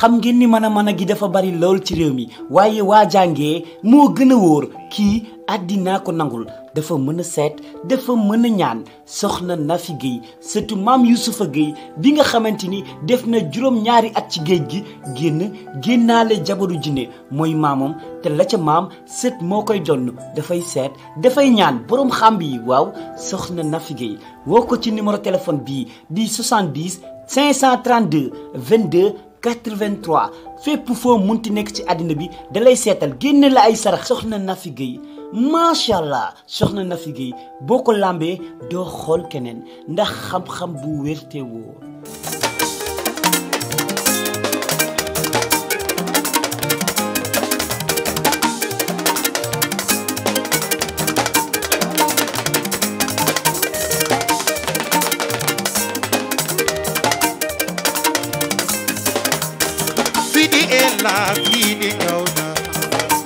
xam ngeen ni mën a mën a gi dafa bari lool ci réew mi waaye waa jàngee moo gën a wóor kii àddinaa ko nangul dafa mën a seet dafa mën a ñaan soxna Nafi Guèye surtout maam a Guèye bi nga xamante ni def na juróom ñaari at ci géej gi génn génnaale jabaru jinne mooy maamam te la ca maam sët moo koy donn dafay seet dafay ñaan boroom xàmb yi waaw soxna Nafi Guèye woo ko ci numéro téléphone bii di 70 532 22 83 fépp foo ti nekk ci àddina bi dalay seetal génne la ay sarax soxna Nafi Guèye macha allah soxna Nafi Guèye boo ko lambee doo xool keneen ndax xam-xam bu wér te woo yàlla fii di kaw na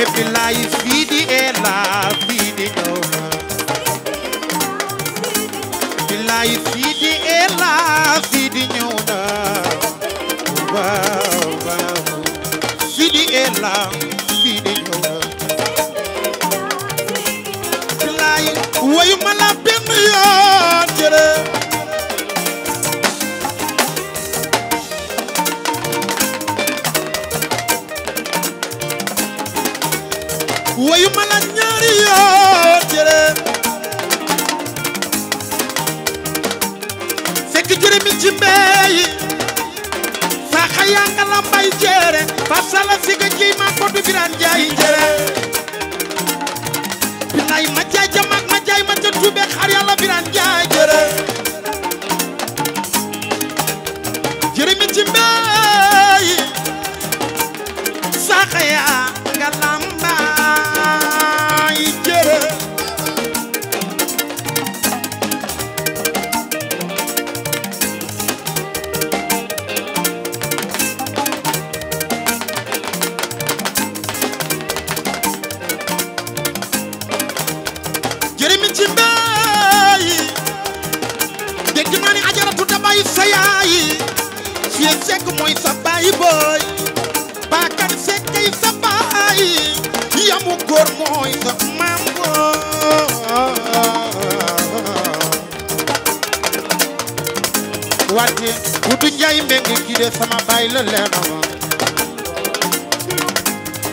et puis laay fii di ela Pape Salam si gëj gi maam Kodou Birane Ndiaye jërë.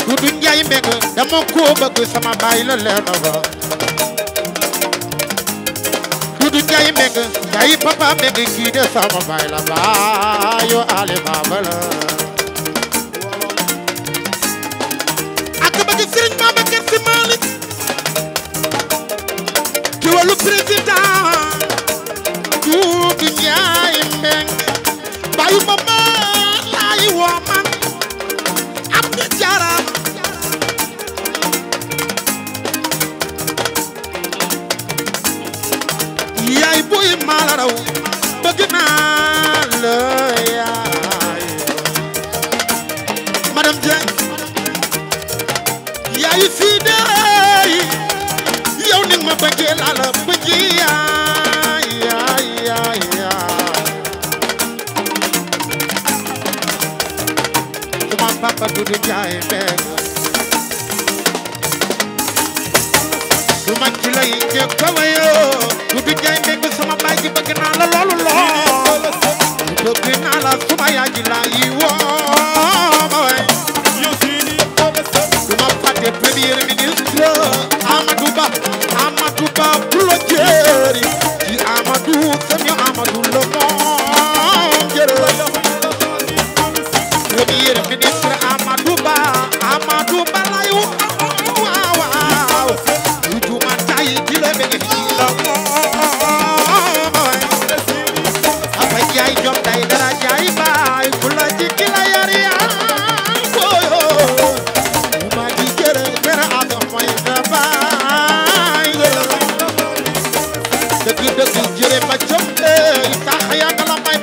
Dudu Njaay mbeg dama ko bëgg sama baay la leer na fa Dudu Njaay mbeg yaay papa mbeg kii de sama baay la a ale baba la ak bëgg Sëriñ Babacar Si Malick ci wàllu président Dudu Njaay mbeg baayu mama laay woo man Papa Doudou Ndiaye Mbeng lu ma ci lay jëkk a wayoo Doudou Ndiaye Mbeng sama baay ji bëgg la loolu lool bëgg naa la suma yaay ji laa yi woo ma way du ma fàtte premier ministre Amadou Ba Amadou Ba bu la jéeri ci Amadou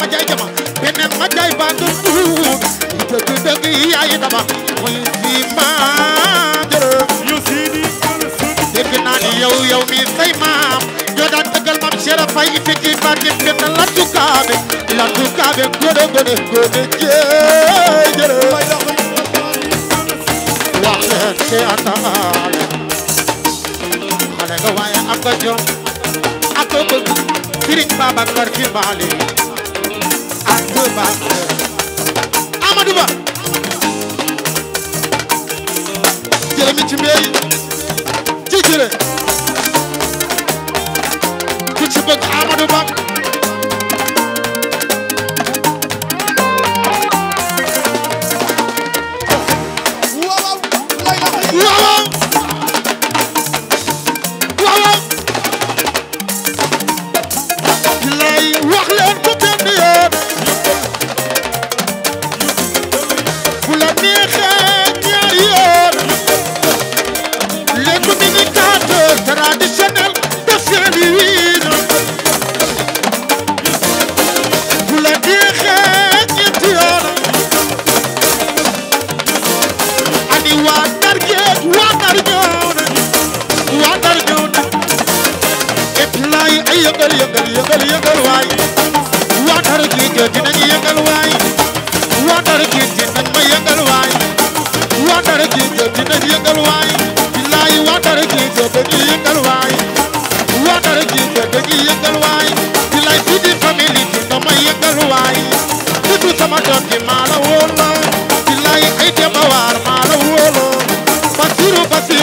ma jaay jama beneen ma jaay ba nduur dëgg dëgg yaay dama muy fi ma jërëm yu siidi dégg naa ni yow yow mi say maam ñoo daan tëggal maam Cheikh Faye yi fekki barke benn la tukaabe la tukaabe gone gone gone jeey jërëm wax leen te ataale xale nga waaye am nga jom ak bëgg Sëriñ Babacar Si Maalik deux bases Amadou ci mbéy ci ku ci bëgg Amadou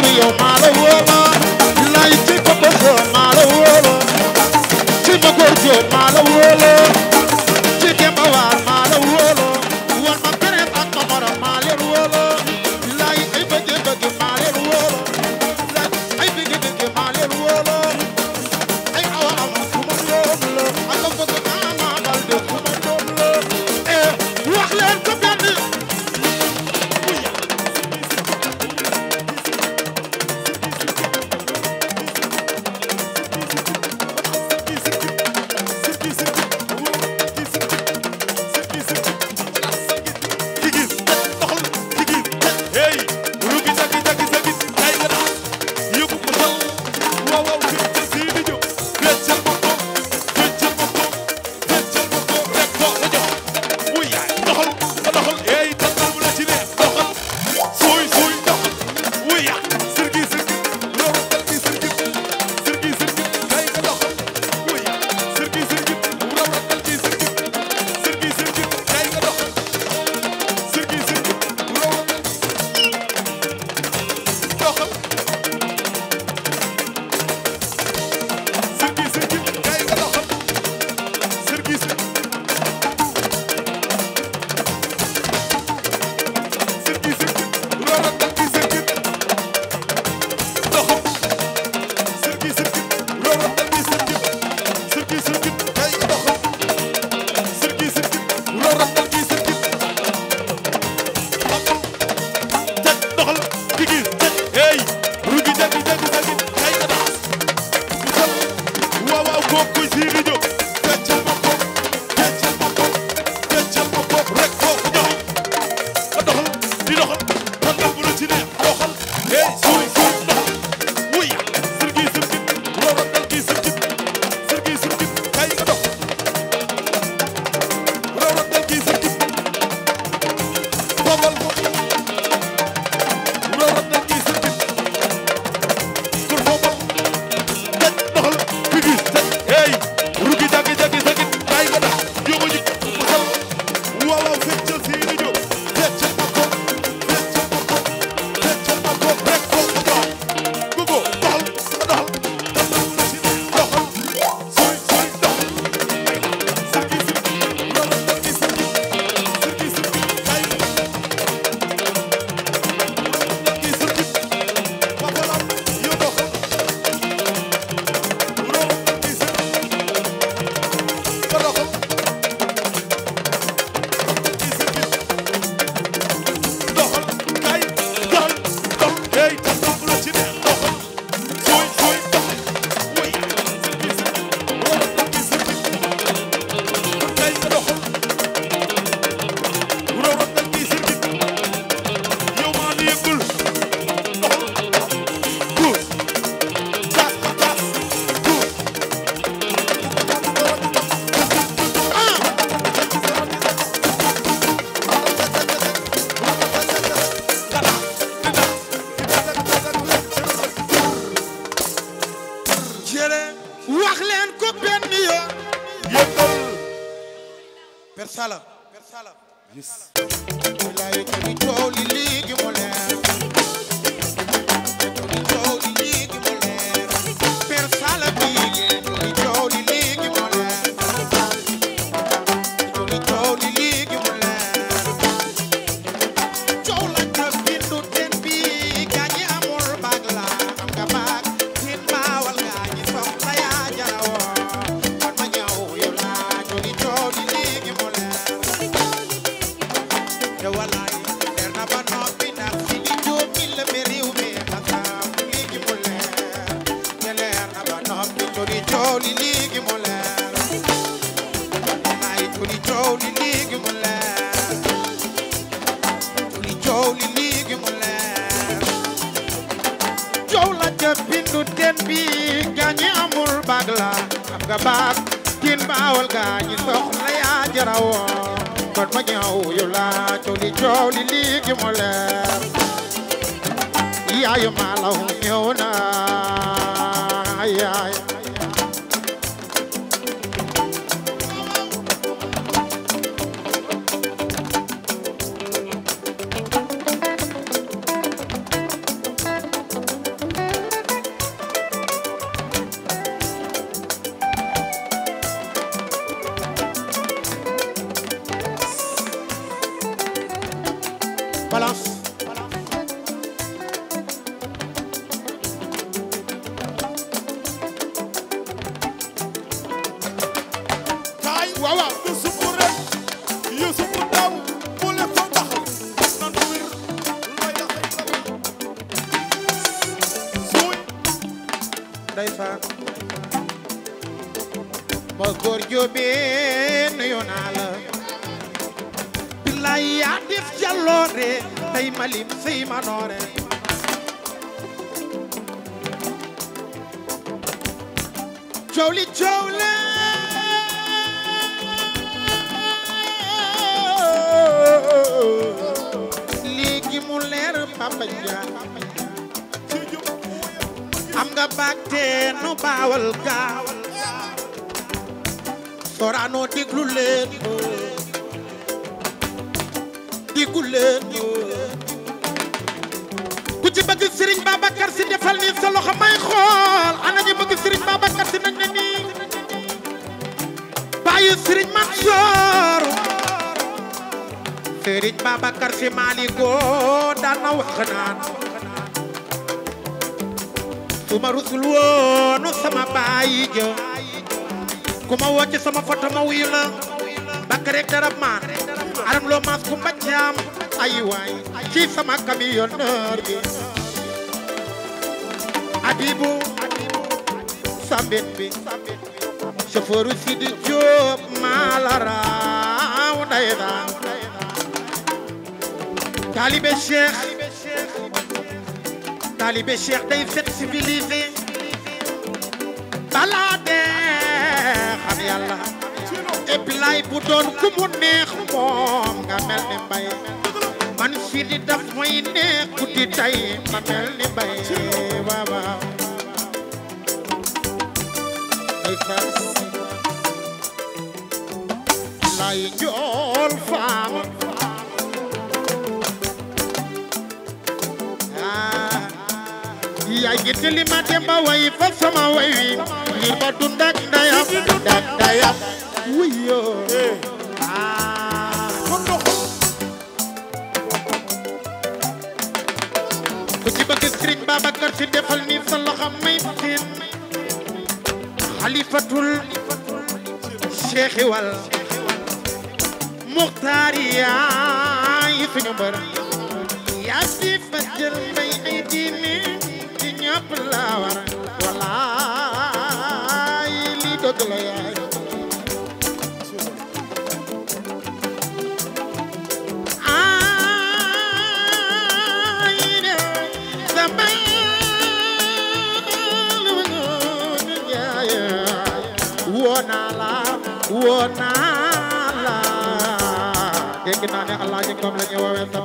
yow yaayu maalaw ñëw na yaa def jaloore tey ma lim sey ma noore coow li coow la léegi mu leer Papa Ndiaye am nga baag te nu baawal gaawal soraanoo déglu leen yëgu leen ku ci bëgg Serigne Babacar Sy defal nii sa loxo may xool ana ñu bëgg Serigne Babacar Sy nañ ne nii bàyyi Serigne Mansour Serigne Babacar Sy maalikoo daan na wax naan su ma rusul woonu sama bàyyi ja ku ma woo ci sama foto ma wuyu la bakk rek dara maan aram loo maas ku mbaccaam ay waay ci sama camionneur bi adibu sambit bi chauffeur Sidi Diop maa la raaw nday raaw taalibe Cheikh taalibe day set civilisé balaa dee xam e bilaay bu doon ku mu neex moom nga mel ni mbay man fii di daf mooy neex ku di tay ma mel ni mbay waaw waaw ay fas lay jool faam yaa ngi tilima demba way fa sama way wi ngir ba dund ak ndayam ak ndayam wuyoo ah kon ndox ku ci bëgg Serigne Babacar Sy defal ni sa loxo may tin xalifatul Cheikh wal Muxtaar yaay suñu mbër yaa fi fa jël may ay diine ci ñëpp la war wala woo naa la dégg naa ne alaaji la ñu woowee sa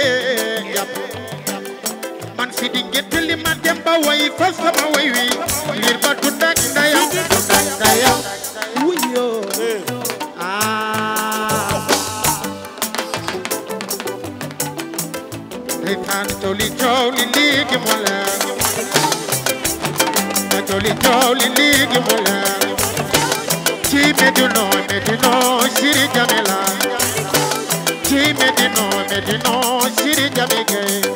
ee jàpp man si di gétt li ma dem ba way fa sama way wi ngir ba tudd ak ndeyam tudd ak ndeyam wuyoo ah. reetaan coow li coow li léegi moo coow li léegi mu leer ci Medina Medina Siri Jami la ci Medina Medina Siri Jami Gaye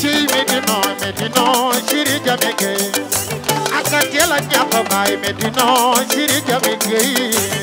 ci Medina Medina Siri Jami Gaye ak a teel a ñàkk baay Medina Siri Jami Gaye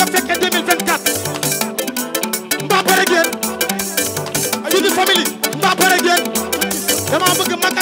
ko fekkee 2024 mbaa pare ngeen yu di famille mbaa pare ngeen dama bëgg mag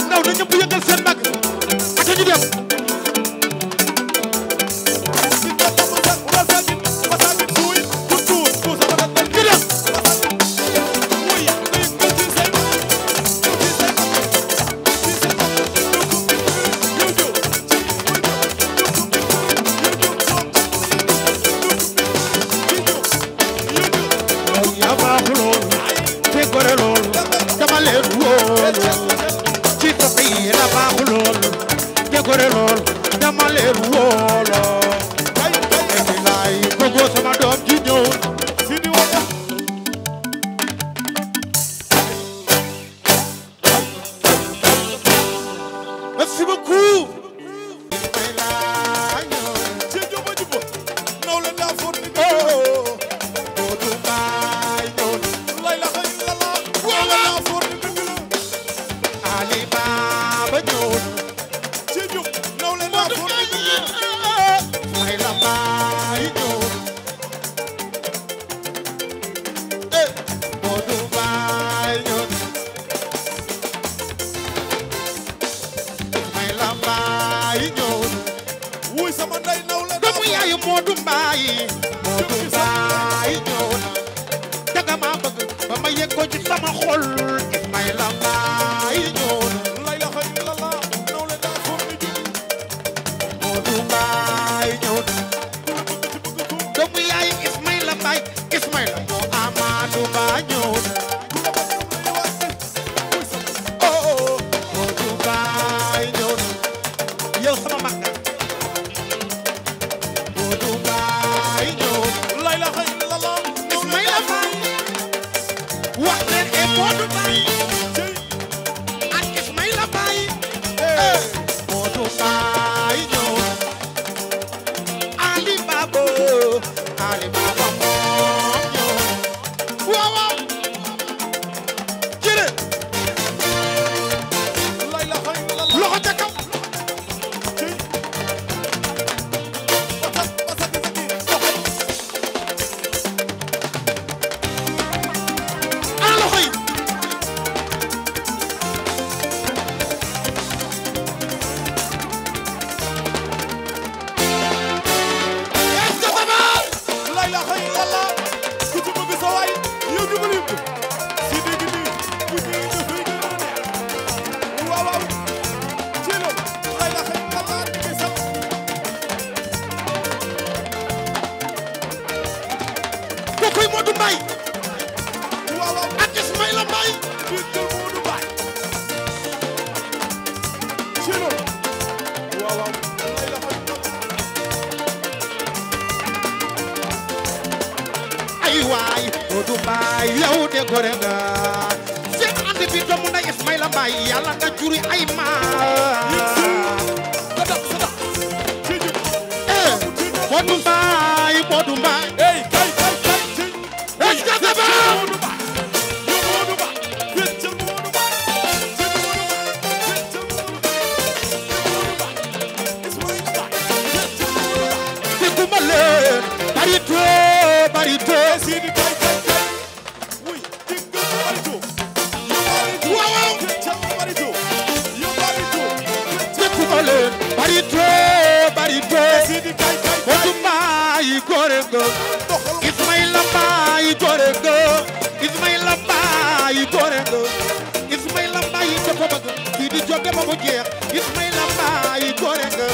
ba mu jeex Ismaïla Mbaye góor nga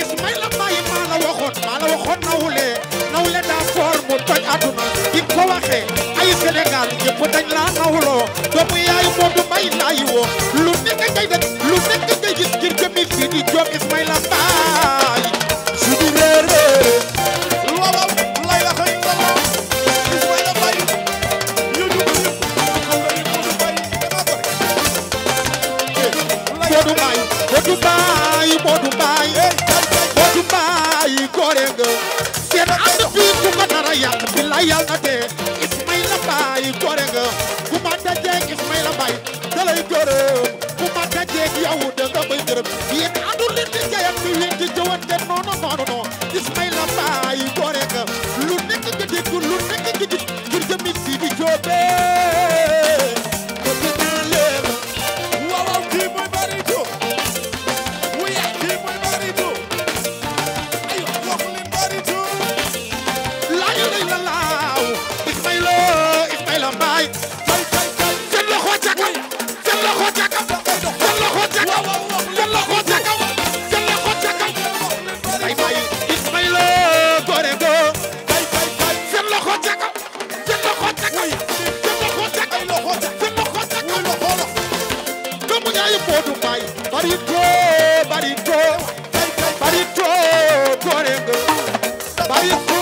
Ismaïla Mbaye maa la waxoon maa la waxoon nawle nawle daa foor mu toj àdduna bi ko waxee ay Sénégal ñëpp dañ laa nawloo doomu yaayu Modou Mbaye laa woo lu nekk ngay def lu nekk ngay gis ngir jëmi fii di joom Ismaïla Mbaye bari to bari to to rengo bari to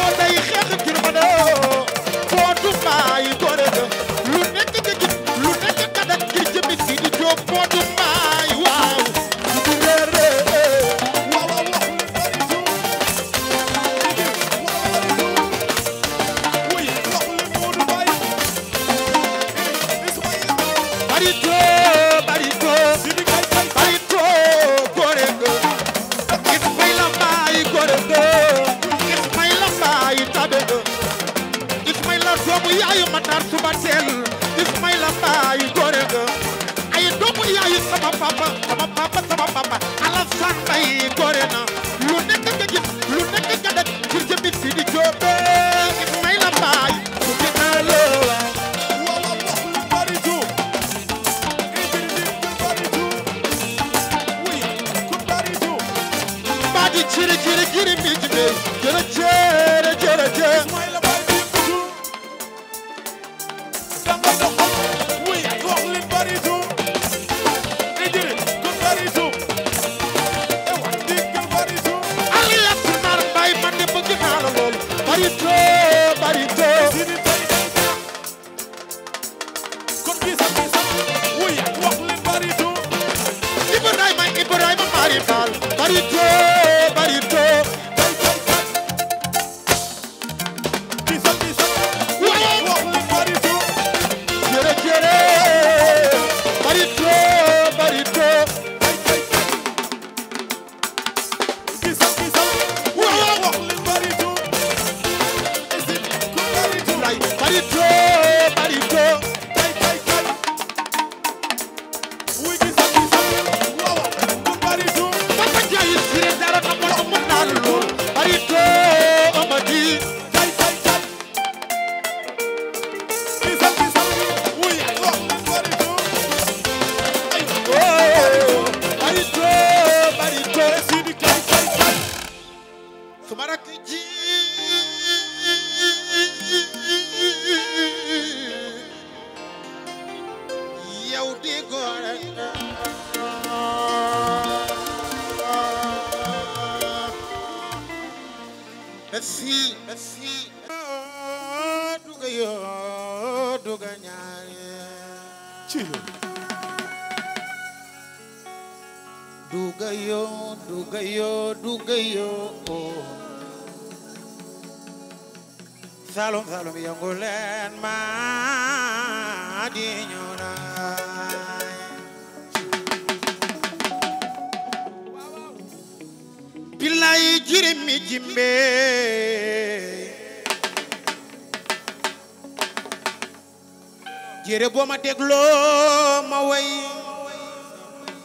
Kiri Beach Bay. salum salum yëngu leen maa di ñëw billaay jirim mi jimbe jere boo ma ma way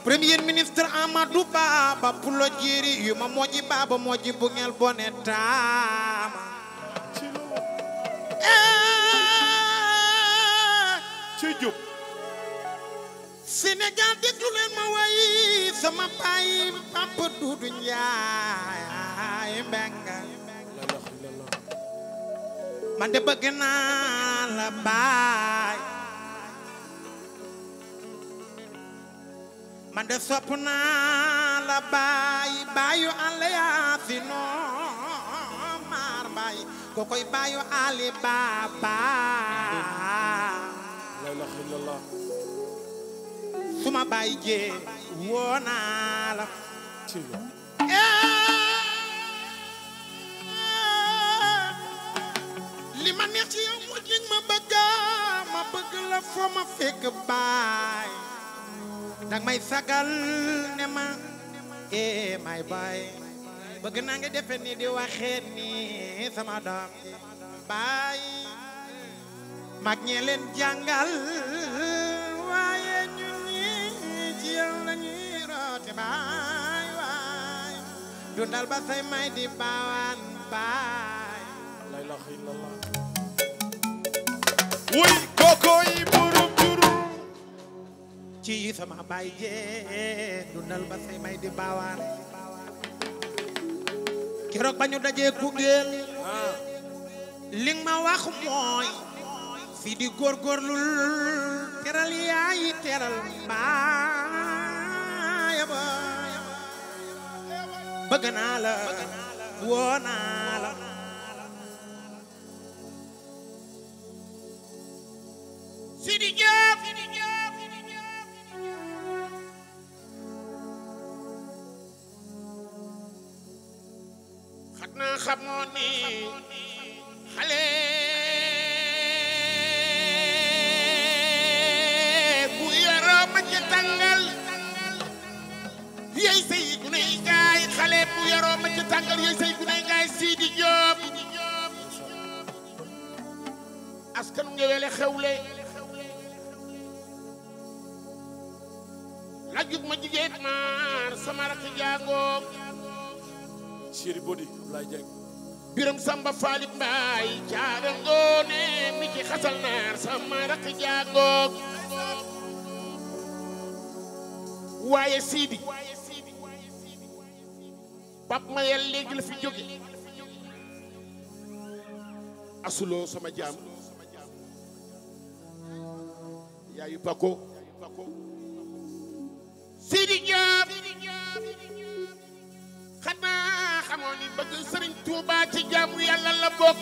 premier ministre Amadou Ba ba jiri yu ma moji ba ba moji bungel boneta jaar déglu leen ma way sama baay Papa Dudu man de bëgg naa la baay man de sopp naa la baay baayu àlla yaa si noo maar baay ko koy baayu Ali Baba la ilaha illallah suma baay jee woo naa la ci eh, li ma neex ci yow mooy li ma bëgg ma bëgg la foo ma fekk baay dang may sagal ne ma ee eh, may baay bëgg naa nga defe ni di waxee ni sama doom baay mag ñee leen jàngal waaye yël nañuy dundal ba say may di baawaan baay la wuy kookooy burum jurum ci baay jee dundal ba say may di baawaan keroog ba dajee kugeel li ma wax mooy fi di góorgóorlul teral yaayi teral mbaa yaba bëgg naa la woo naa la Sidi Diop xat naa xamoon ni Sëriñ Seydina la jug ma jigéen maar sama rakk jàngoog Chéri Bodi lay jàng mbaay caaga ngoone mi ci xasal naar sama rakk jàngoog waaye Sidi Pape Mayel léegi la fi jóge asuloo sama jaam yaayu Paco Sidi Diop xanaa xamoo ni bëgg Sëriñ Tuubaa ci jaamu yàlla la bokk